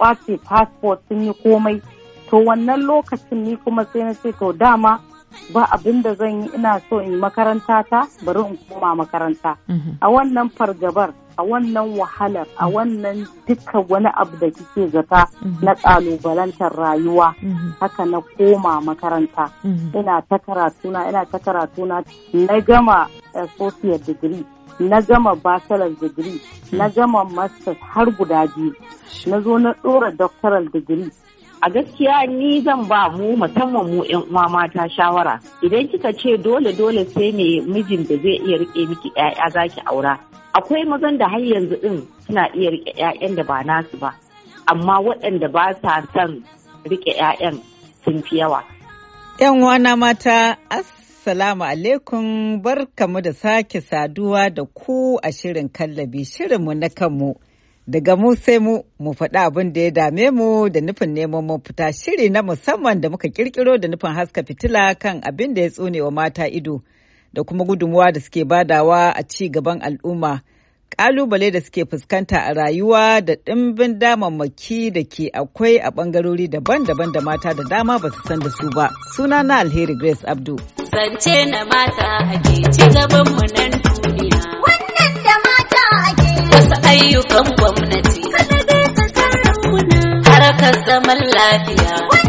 kwace passport sun yi komai to wannan lokacin ni kuma sai na ce to dama ba abin da zan yi ina so in makaranta ta bari in koma makaranta mhm. a wannan fargabar a wannan wahalar a mhm. wannan duka wani abu da kike zata mhm. na kalubalantar rayuwa haka na koma makaranta ina ta karatuna ina ta karatuna na gama associate degree na gama bachelor's degree na gama masters har guda biyu na zo na ɗora doctoral degree a gaskiya ni zan ba mu musamman mu yan uwa mata shawara idan kika ce dole dole sai ne mijin da zai iya rike miki ƴaƴa zaki aura akwai mazan da har yanzu din suna iya rike ƴaƴan da ba nasu ba amma waɗanda ba sa son rike ƴaƴan sun fi yawa yan uwa na mata Assalamu alaikum barkamu da sake saduwa da ku a shirin kallabi shirinmu na kanmu. Daga mu sai mu mu faɗi abin da ya dame mu da nufin neman fita shiri na musamman da muka kirkiro da nufin haska fitila kan abin da ya tsone wa mata ido da kuma gudunmuwa da suke badawa a ci gaban al'umma. kalubale da suke fuskanta a rayuwa da ɗimbin damammaki da ke akwai a ɓangarori daban-daban da mata da dama ba su san da su ba. Suna na Alheri Grace Abdu. Zance na mata a ci gaban mu nan duniya. Wannan da mata a ke wasu ayyukan gwamnati. Kada dai ka harkar zaman lafiya.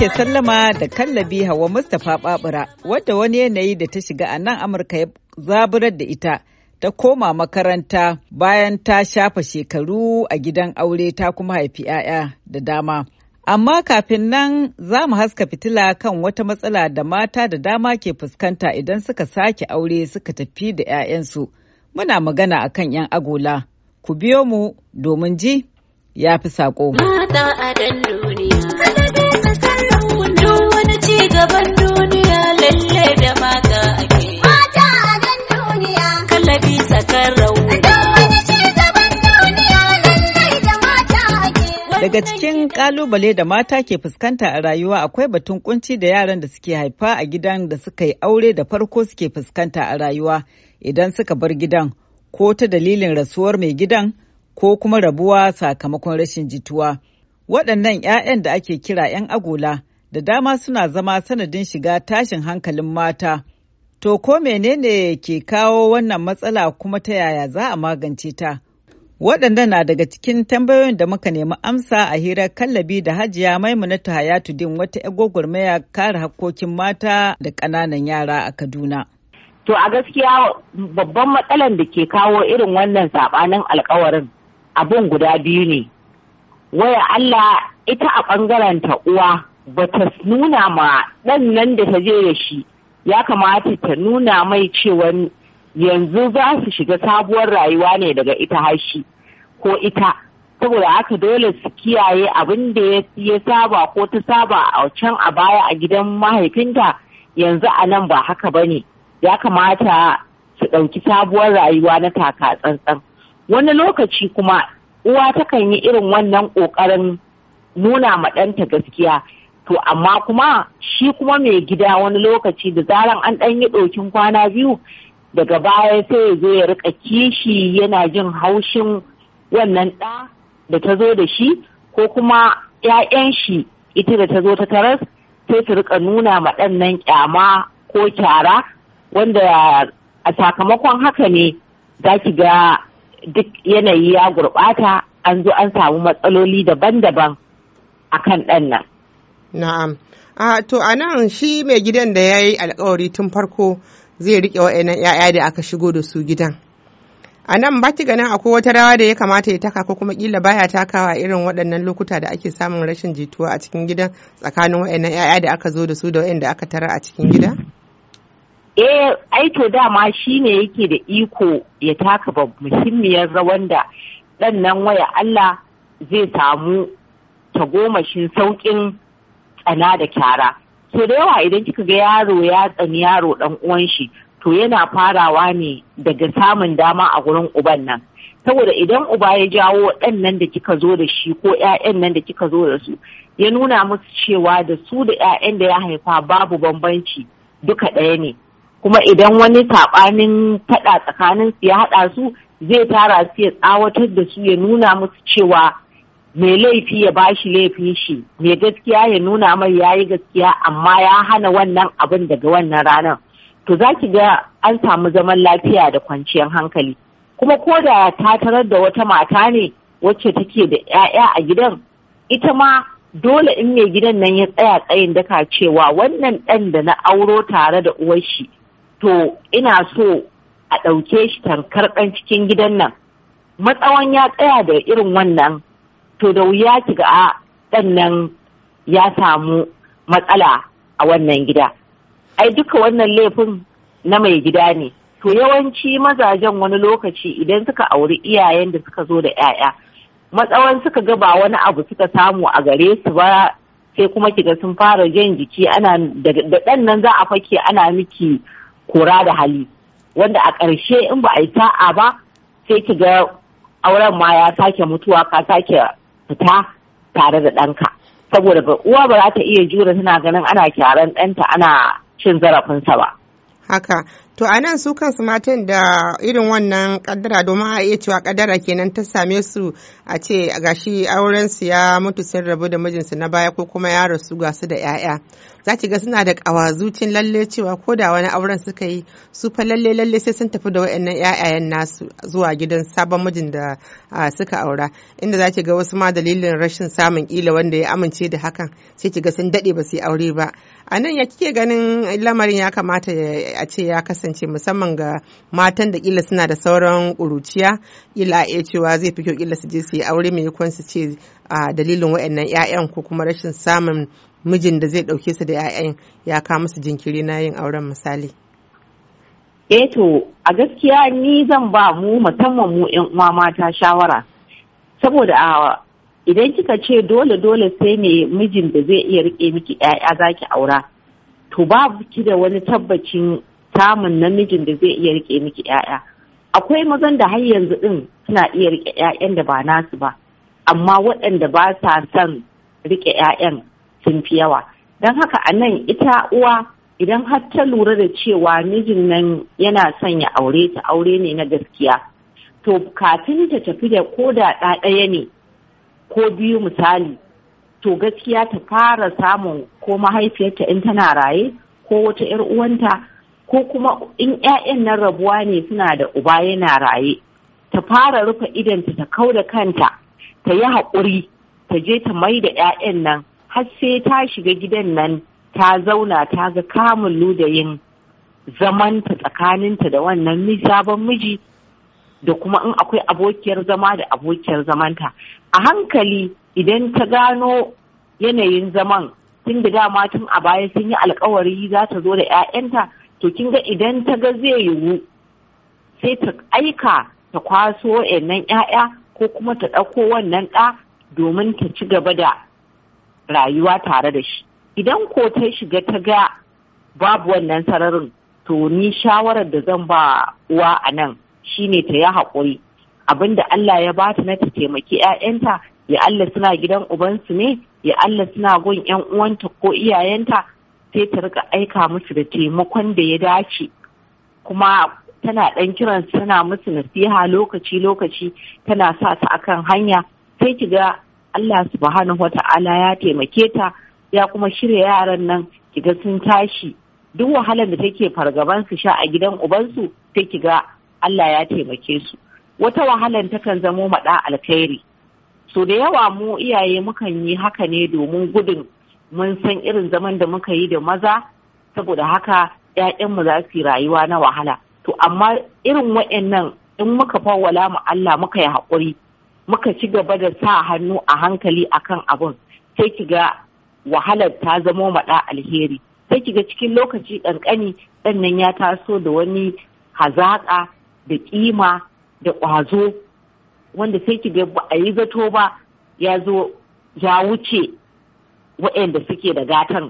muke sallama da kallabi Hawa Mustapha Babura wadda wani yanayi da ta shiga a nan Amurka ya zaburar da ita ta koma makaranta bayan ta shafa shekaru a gidan aure ta kuma haifi 'ya'ya da dama. Amma kafin nan za mu haska fitila kan wata matsala da mata da dama ke fuskanta idan suka sake aure suka tafi da 'ya'yansu. Muna magana akan 'yan agola. Ku biyo mu domin ji ya fi saƙo. gaban duniya lalle da mata ake mata a gan duniya kallabi sakar Daga cikin kalubale da mata ke fuskanta a rayuwa akwai batun kunci da yaran da suke haifa a gidan da suka yi aure da farko suke fuskanta a rayuwa idan suka bar gidan ko ta dalilin rasuwar mai gidan ko kuma rabuwa sakamakon rashin jituwa. Waɗannan 'ya'yan da ake kira 'yan agola da dama suna zama sanadin shiga tashin hankalin mata. To ko menene ke kawo wannan matsala kuma ta yaya za a magance ta? Waɗanda na daga cikin tambayoyin da muka nemi amsa a hirar kallabi da hajiya ta maimunatu din wata ya kare hakkokin mata da ƙananan yara a Kaduna. To a gaskiya babban matsalan da ke kawo irin wannan saɓanin alkawarin abun guda biyu ne. Waya Allah ita a ɓangaren ta uwa ba ta nuna ma ɗan nan da ta je da shi ya kamata ta nuna mai cewa yanzu za su shiga sabuwar rayuwa ne daga ita hashi ko ita saboda aka dole su kiyaye abin da ya saba ko ta saba a can a baya a gidan mahaifinta yanzu a nan ba haka ba ne ya kamata su ɗauki sabuwar rayuwa na taka tsantsan wani lokaci kuma uwa takan yi irin wannan ƙoƙarin nuna ma ɗanta gaskiya to amma kuma shi kuma mai gida wani lokaci da zaran an ɗan yi ɗokin kwana biyu daga baya sai ya zo ya rika kishi yana jin haushin wannan ɗa da ta zo da shi ko kuma 'ya'yan shi ita da ta zo ta taras sai su rika nuna ma ɗan nan ƙyama ko kyara wanda a sakamakon haka ne za ki ga duk yanayi ya gurɓata an zo an samu matsaloli daban-daban a kan ɗan nan Na'am. A to a nan shi mai gidan da ya yi alkawari tun farko zai riƙe wa'annan 'ya'ya da aka shigo da su gidan. A nan ba ki ganin akwai wata rawa da ya kamata ya taka ko kuma ƙila baya takawa irin waɗannan lokuta da ake samun rashin jituwa a cikin gidan tsakanin wa'annan 'ya'ya da aka zo da su da da aka tara a cikin gida? Eh, ai to dama shi ne yake da iko ya taka muhimmiyar rawar da ɗan nan waya Allah zai samu tagomashin sauƙin tsana da kyara so da yawa idan kika ga yaro ya tsani yaro ɗan uwan shi to yana farawa ne daga samun dama a gurin uban nan saboda idan uba ya jawo ɗan nan da kika zo da shi ko 'ya'yan nan da kika zo da su ya nuna musu cewa da su da 'ya'yan da ya haifa babu bambanci duka ɗaya ne kuma idan wani saɓanin faɗa tsakanin su ya haɗa su zai tara su ya tsawatar da su ya nuna musu cewa mai laifi ya bashi laifi shi mai gaskiya ya nuna mai yi gaskiya amma ya hana wannan abin daga wannan ranar to za ki ga an samu zaman lafiya da kwanciyar hankali kuma ko da ta tarar da wata mata ne wacce take da 'ya'ya a gidan ita ma dole in mai gidan nan ya tsaya tsayin daka cewa wannan ɗan da na auro tare da uwar shi to ina so a ɗauke shi tankar ɗan cikin gidan nan matsawan ya tsaya da irin wannan to da wuya ki ga ah, ɗan nan ya samu matsala a wannan gida ai duka wannan laifin na mai gida ne to yawanci mazajen wani lokaci idan suka auri iyayen da suka zo da 'ya'ya matsawan suka gaba wani abu suka samu a gare su ba sai kuma kiga sun fara jan jiki ana da ɗan nan za a fake ana miki kora da hali wanda a ƙarshe in ba a yi sa'a ba sai ga auren ma ya sake mutuwa ka sake fita tare da ɗanka saboda uwa ba za ta iya jure tana ganin ana kyaran ɗanta ana cin zarafinsa ba. Haka To a nan su kansu matan da irin wannan kaddara domin a iya cewa kadara kenan ta same su a ce gashi auren su ya mutu sun rabu da mijinsu na baya ko kuma ya rasu ga su da 'ya'ya. Za ki ga suna da kawazucin lalle cewa ko da wani auren suka yi su fa lalle lalle sai sun tafi da wayannan 'ya'yayen nasu zuwa gidan sabon mijin da suka aura inda za ki ga wasu ma dalilin rashin samun kila wanda ya amince da hakan sai ki ga sun dade ba su yi aure ba. A nan ya kike ganin lamarin ya kamata a ce ya kasance kasance musamman ga matan da kila suna da sauran ƙuruciya ila a cewa zai fi kyau kila su je su yi aure mai kwan su ce a dalilin waɗannan 'ya'yan ko kuma rashin samun mijin da zai ɗauke su da 'ya'yan ya kawo musu jinkiri na yin auren misali. Eto, eh a gaskiya ni zan ba mu musamman mu yan uwa mata shawara saboda a idan kika ce dole dole sai ne mijin da zai iya rike miki yaya zaki aura to babu ki da wani tabbacin samun namijin da zai iya rike miki 'ya'ya akwai mazan da har yanzu din suna iya rike 'ya'yan da ba nasu ba amma waɗanda ba sa son rike 'ya'yan sun fi yawa don haka a nan ita uwa idan har ta lura da cewa mijin nan yana son ya aure ta aure ne na gaskiya to kafin ta tafi da ko da ɗaya ne ko biyu misali to gaskiya ta fara samun ko mahaifiyarta in tana raye ko wata 'yar uwanta ko kuma in 'ya'yan nan rabuwa ne suna da uba yana raye ta fara rufe idanta ta kau da kanta ta yi haƙuri ta je ta mai da 'ya'yan nan har sai ta shiga gidan nan ta zauna ta ga kamun ludayin zamanta tsakaninta da wannan sabon miji da kuma in akwai abokiyar zama da abokiyar zamanta a hankali idan ta gano yanayin zaman tun da dama tun a baya sun yi alkawari za ta zo da 'ya'yanta to kin ga idan ta ga zai yiwu sai ta aika ta kwaso wa'annan 'ya'ya ko kuma ta ɗauko wannan ɗa domin ta ci gaba da rayuwa tare da shi idan ko ta shiga ta ga babu wannan sararin to ni shawarar da zan ba uwa a nan shine ta yi haƙuri abinda Allah ya bata na ta taimaki 'ya'yanta ya Allah suna gidan ubansu ne ya Allah suna gun 'yan uwanta ko iyayenta sai ta rika aika musu da taimakon da ya dace kuma tana ɗan kiran tana musu nasiha lokaci lokaci tana sa ta akan hanya sai ki ga Allah subhanahu wata'ala ya taimake ta ya kuma shirya yaran nan kiga sun tashi duk wahalar da take fargaban su sha a gidan ubansu sai ga Allah ya taimake su wata wahalar takan zamo maɗa alkhairi so da yawa mu iyaye mukan yi haka ne domin gudun mun san irin zaman da muka yi da maza saboda haka ‘ya'yanmu za su yi rayuwa na wahala to amma irin wa'annan in muka fawwala mu Allah muka yi haƙuri muka ci gaba da sa hannu a hankali akan abun sai kiga ga wahalar ta zamo maɗa alheri sai kiga cikin lokaci ƙanƙani ɗannan ya taso da wani hazaƙa da ƙima da ƙwazo wanda sai kiga ba a yi zato ba ya zo ya wuce waɗanda suke da gatan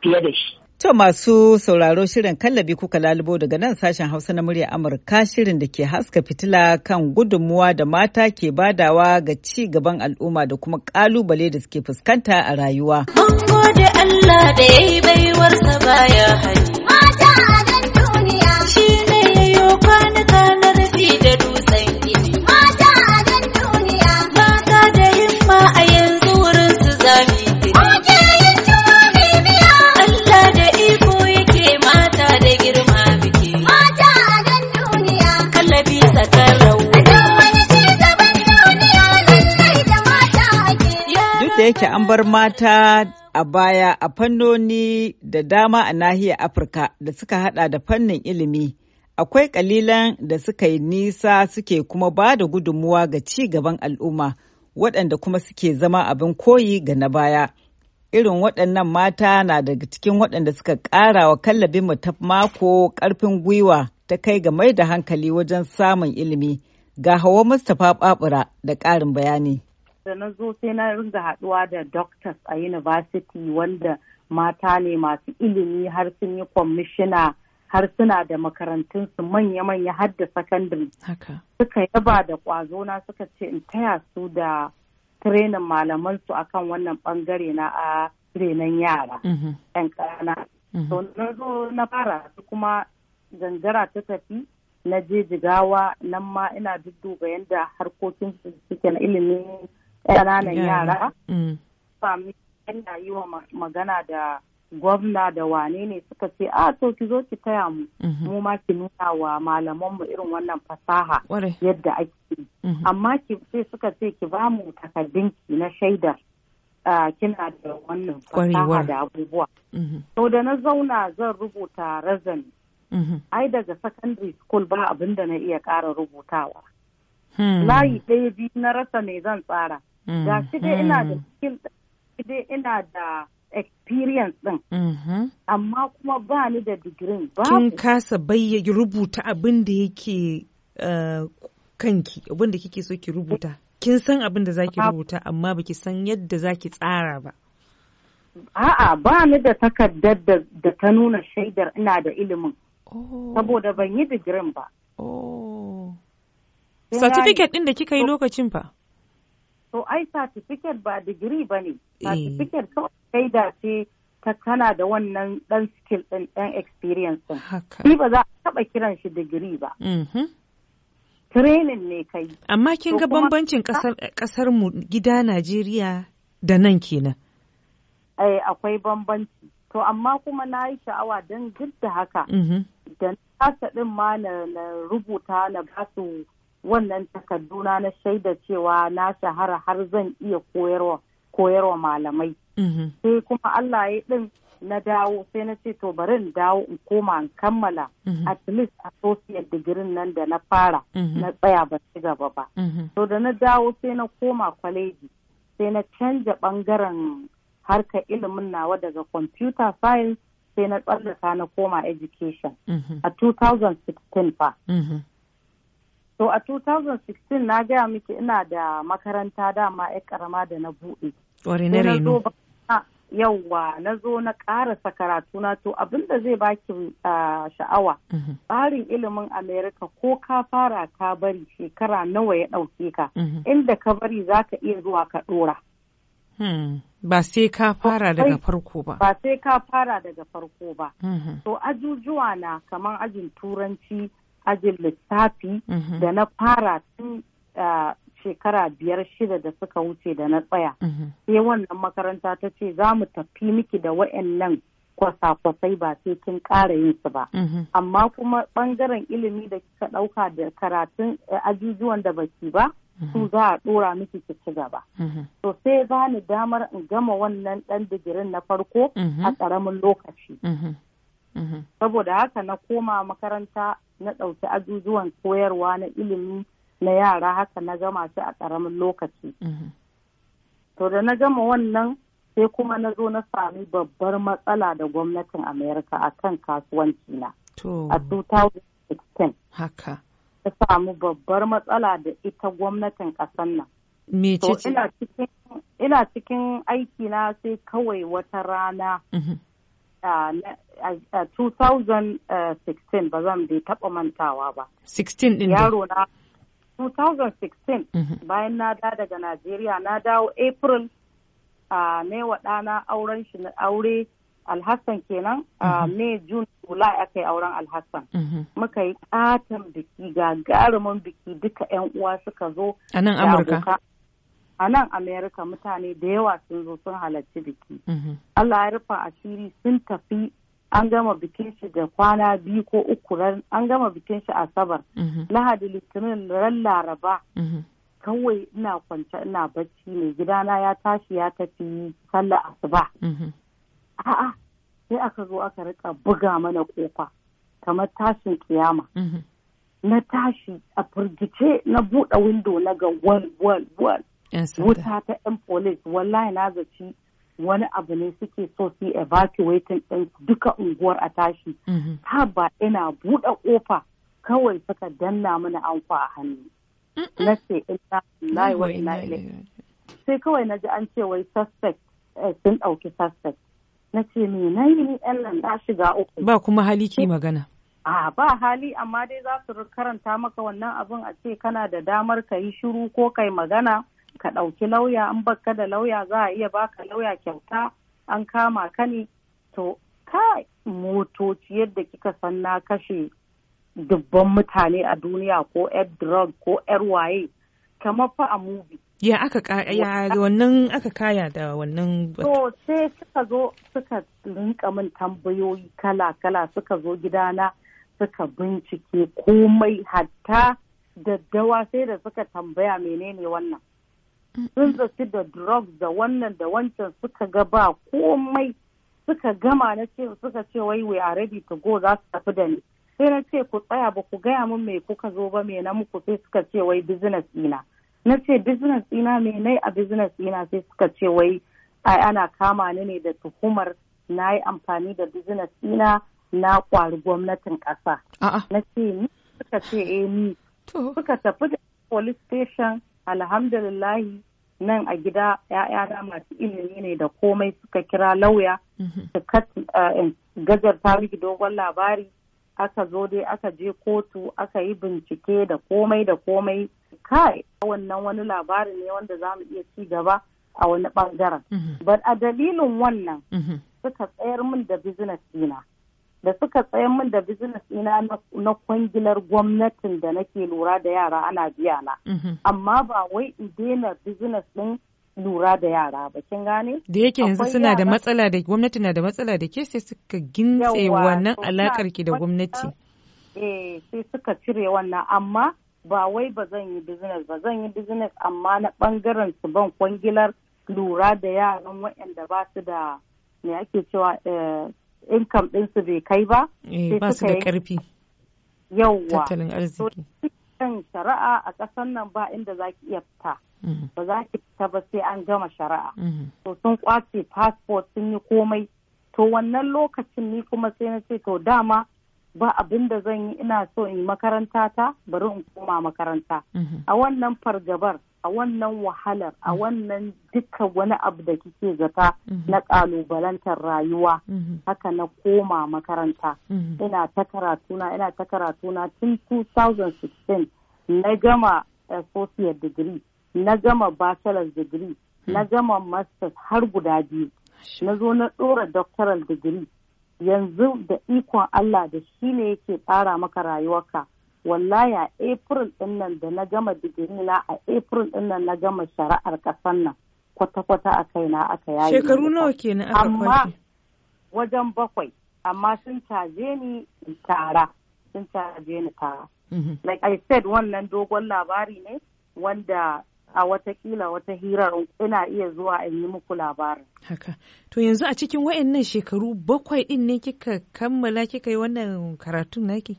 fiye da shi. To masu sauraro shirin kallabi kuka lalubo daga nan sashen Hausa na murya Amurka shirin da ke haska fitila kan gudunmuwa da mata ke badawa ga ci gaban al'umma da kuma kalubale da suke fuskanta a rayuwa. Mun Allah da ya baya Mata a duniya. Shi ne yayo kwanuka da dutsen gini. Mata a duniya. Mata da himma a yanzu wurin su zami. yake an bar mata a baya a fannoni da dama a nahiyar Afirka da suka hada da fannin ilimi. Akwai kalilan da suka yi nisa suke kuma ba da gudunmuwa ga ci gaban al'umma waɗanda kuma suke zama abin koyi ga na baya. Irin waɗannan mata na daga cikin waɗanda suka ƙara wa kallabin mu ta mako ƙarfin gwiwa ta kai ga mai da hankali wajen samun ilimi. Ga hawa Mustapha Babura da ƙarin bayani. da na zo sai na ringa haɗuwa da doctors a university wanda mata ne masu ilimi har sun yi kwamishina har suna da makarantunsu manya-manya har da secondary. Suka yaba da ƙwazo na suka ce in taya su da malaman su akan wannan bangare na a renon yara. ‘Yan ƙana. So na zo na fara kuma gangara ta tafi na je jigawa nan ma ina dudduba yadda harkokin suke na ilimin ƙananan yara mm. sami yana yi wa magana da gwamna da wane ne suka ce a ah, to ki zo ki taya mu mm-hmm. mu ma ki nuna wa malaman mu irin wannan fasaha yadda ake mm-hmm. amma ki sai suka ce ki ba mu takardun ki na shaidar kina da wannan fasaha da abubuwa mm-hmm. to da na zauna zan rubuta razani ai daga secondary school ba abin da na iya ƙara rubutawa hmm. layi ɗaya biyu na rasa mai zan tsara Mm-hmm. Ga shi dai ina da mm-hmm. skill dai ina da experience din. Mm-hmm. Amma kuma ba ni da digirin ba. Kin kasa bayyana rubuta abin da yake eh, kanki abin da kike so ki rubuta. Kin san abin da zaki rubuta amma baki san yadda zaki tsara ba. A'a ba ni da takardar da ta nuna shaidar ina da ilimin. Oh. Saboda ban yi digirin ba. Oh. Certificate ɗin da kika yi lokacin fa? to ai certificate ba digiri ba ne eh. certificate kai da ce ta kana da wannan dan skill din dan experience din ni ba za a taba kiran shi digiri ba mhm. training ne kai amma kin ga bambancin kasar mu gida Najeriya da nan kenan ai eh, akwai bambanci to amma kuma na yi sha'awa don duk da haka mhm. da na kasa din ma na rubuta na basu wannan takarduna na shaida cewa na shahara har zan iya koyarwa malamai mhm. sai kuma Allah ya din na dawo sai na ce to bari in dawo in koma in kammala mhm. at least associate degree nan da na fara mhm. na tsaya ba ci gaba ba to da na dawo sai na koma kwaleji sai na canja bangaren harka ilimin nawa daga computer science sai na tsallaka na koma education a 2016 fa So a 2016 na gaya miki ina da makaranta dama ya karama da na buɗe. Ƙwari na reno. Yawwa na zo na ƙarasa karatuna to abin da zai baki sha'awa. Mhm. Tsarin ilimin Amerika ko ka fara ka bari shekara nawa ya ɗauke ka. Mhm. Inda ka bari za ka iya zuwa ka ɗora. Hmm. Ba sai ka fara daga farko ba. Ba sai ka fara daga farko ba. Mhm. To ajujuwa na kaman ajin turanci ajin littafi mhm. da na fara tun shekara biyar shida da suka wuce da na tsaya mhm. sai wannan makaranta ta ce za mu tafi miki da wa'annan kwasa-kwasai ba sai kin ƙara yin su ba mhm. amma kuma ɓangaren ilimi da kika ɗauka da karatun eh, ajujuwan da baki ba su za a ɗora miki ki ci gaba to sai ba ni damar in gama wannan ɗan digirin na farko a ƙaramin lokaci saboda haka na koma makaranta na ɗauki ajujuwan koyarwa na ilimi na yara haka na gama shi a ƙaramin lokaci to da na gama wannan sai kuma na zo na sami babbar matsala da gwamnatin amerika a kan kasuwanci na a 2016 haka ta samu babbar matsala da ita gwamnatin ƙasar nan ina cikin aiki na sai kawai wata rana mhm. Um, a 2016 uh, ba zan bai taɓa mantawa ba. 16 din Yaro na 2016 bayan na da daga Najeriya na dawo April a ne wa ɗana auren shi na aure Alhassan kenan a ne mhm. June July aka yi auren Alhassan. Mhm. Muka yi katon biki ga garumin biki duka 'yan uwa suka zo. A nan Amurka. a nan america mutane da yawa sun zo sun halarci biki mhm. allah ya rufa asiri sun tafi an gama bikin shi da kwana biyu ko uku an gama bikin shi asabar mhm. lahadi litinin ran laraba mhm. kawai ina kwance ina bacci mai gidana ya tashi ya tafi sallar asuba a'a sai aka zo aka rika buga mana kofa kamar tashin kiyama na tashi a firgice na buɗe windo na ga wal wal wal wuta ta yan police wallahi na zaci wani abu ne suke so su evacuating ɗin duka unguwar a tashi mm-hmm. ta ba ina buɗe ƙofa kawai suka danna mana anko a hannu na ce ina lai wa ina sai kawai na ji an ce wai suspect eh, sun ɗauki suspect na ce me na yi ni yan nan na shiga uku ba kuma hali ki magana a ba hali amma dai za su karanta maka wannan abin a ce kana da damar ka yi shiru ko kai magana ka ɗauki lauya an baka da lauya za a iya baka lauya kyauta an kama ka ne to ka motoci yadda kika san na kashe dubban mutane a duniya ko air drug ko yar waye kamar fa a mubi ya aka wannan aka kaya da wannan to sai suka zo suka rinka min tambayoyi kala kala suka zo gidana suka bincike komai hatta daddawa sai da suka tambaya menene wannan sun zaci da drugs da wannan da wancan suka ga ba komai suka gama na ce suka ce wai we are ready to go za su tafi da ni sai na ce ku tsaya ba ku gaya min me kuka zo ba me na muku sai suka ce wai business ina na ce business ina me nai a business ina sai suka ce wai ai ana kama ni ne da tuhumar na yi amfani da business ina na kwari gwamnatin ƙasa. Na ce ni suka ce eh ni suka tafi da police station alhamdulillahi nan a gida ‘ya'yana masu ilimi ne da komai suka kira lauya mhm. su eh, gajar miki dogon labari aka zo dai aka je kotu aka yi bincike da komai da komai kai wannan wani labari ne wanda za mu iya ci gaba a wani ɓangaren. Mhm. But a dalilin wannan mhm. suka tsayar min da business dina. da suka tsayan min da business ina na kwangilar gwamnatin da nake lura da yara ana biya na mhm. amma ba wai in daina business din lura da yara ba kin gane da yake yanzu suna da matsala da gwamnati na da matsala da ke sai suka gintse wannan alakar ki da gwamnati eh sai suka cire wannan amma ba wai ba zan yi business ba zan yi business amma na bangaren su ban kwangilar lura da yaran waɗanda ba su da me ake cewa eh, income ɗinsu bai kai ba. Eh, ba su da ƙarfi. Yauwa. Tattalin arziki. Kan shari'a a ƙasar nan ba inda za ki iya fita. Mm-hmm. Ba za ki fita ba sai an gama shari'a. Mm-hmm. To sun kwace passport sun yi komai. To wannan lokacin ni kuma sai na ce to dama ba abin da zan yi ina so in makaranta ta bari in koma makaranta. Mm-hmm. A wannan fargabar a wannan wahalar a mm. wannan dukkan wani abu da kike zata mm-hmm. na kalubalantar rayuwa mm-hmm. haka na koma makaranta mm-hmm. ina ta karatuna ina ta karatuna tun 2016 na gama associate degree na gama bachelor's degree na mm. gama masters har guda biyu na zo na ɗora doctoral degree yanzu da ikon Allah da shi ne yake tsara maka rayuwarka wallahi a april din nan da na gama digiri na a april din nan na gama shari'ar kasan nan kwata-kwata a kaina aka yayi shekaru nawa kenan aka amma wajen bakwai amma sun caje ni tara sun caje ni tara mhm. like i said wannan dogon labari ne wanda a watakila wata hirar ina iya zuwa in yi muku labarin. Haka. To yanzu a cikin wa'annan shekaru bakwai din ne kika kammala kika yi wannan karatun naki?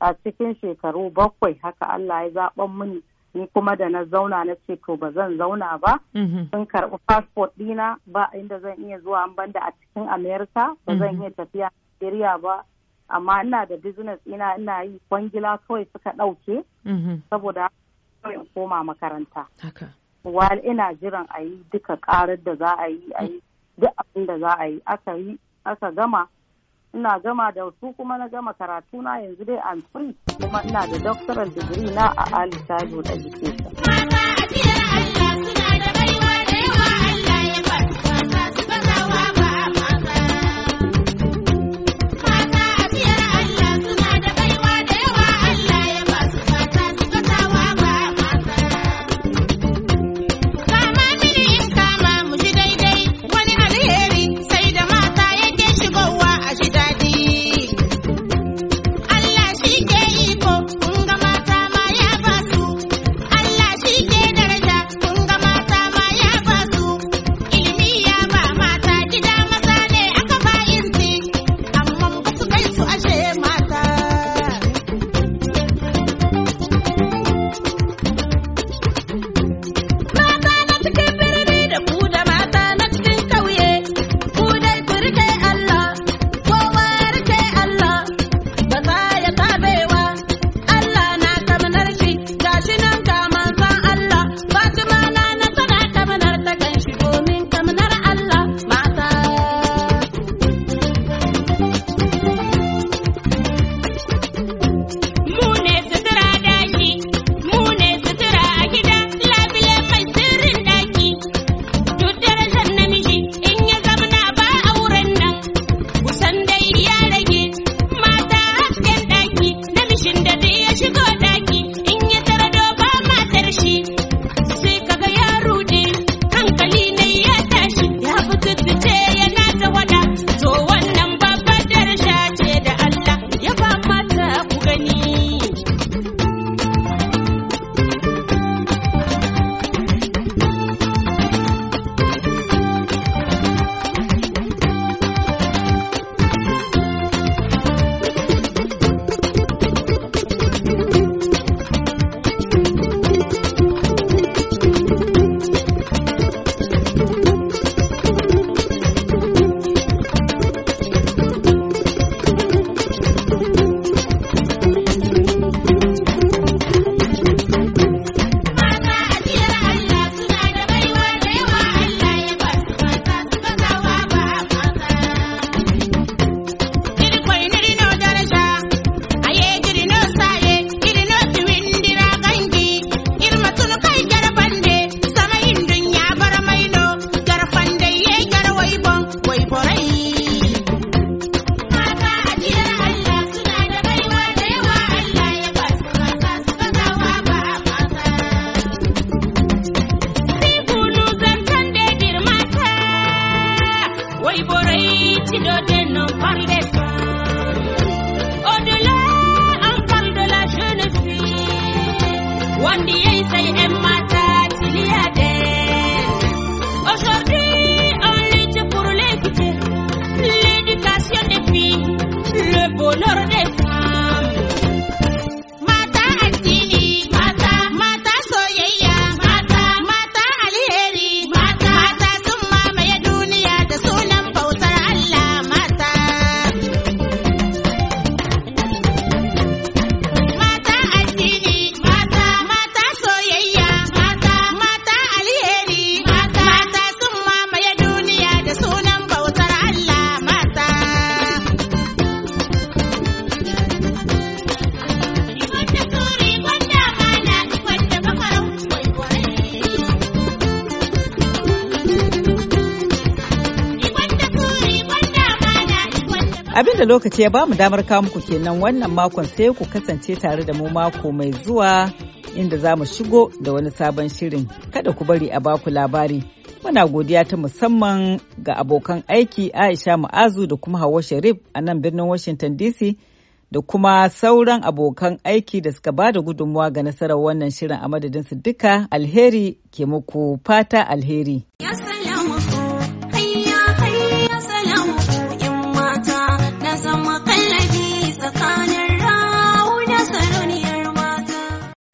a cikin shekaru bakwai haka Allah ya zaɓan mini ni kuma da na zauna na ce to ba zan zauna ba mhm. sun karɓi passport ɗina ba inda zan iya zuwa an banda a cikin amerika ba zan mhm. iya tafiya Nigeria ba amma ina da business ina ina yi kwangila kawai suka ɗauke mhm. saboda kawai in koma makaranta wal ina jiran a yi duka ƙarar da za a yi a yi mm. duk abin da za a yi aka yi aka gama ina gama da su kuma na gama karatu na yanzu dai I'm free kuma ina da doctoral degree na a early childhood education Abin da lokaci ya ba mu damar kawo muku kenan wannan makon sai ku kasance tare da mu mako mai zuwa inda za mu shigo da wani sabon shirin. Kada ku bari a ba ku labari. Muna godiya ta musamman ga abokan aiki Aisha Ma'azu da kuma Hauwa Sharif a nan birnin Washington DC da kuma sauran abokan aiki da suka ba da gudunmuwa ga nasarar wannan shirin a madadinsu duka alheri ke muku fata alheri. Yes,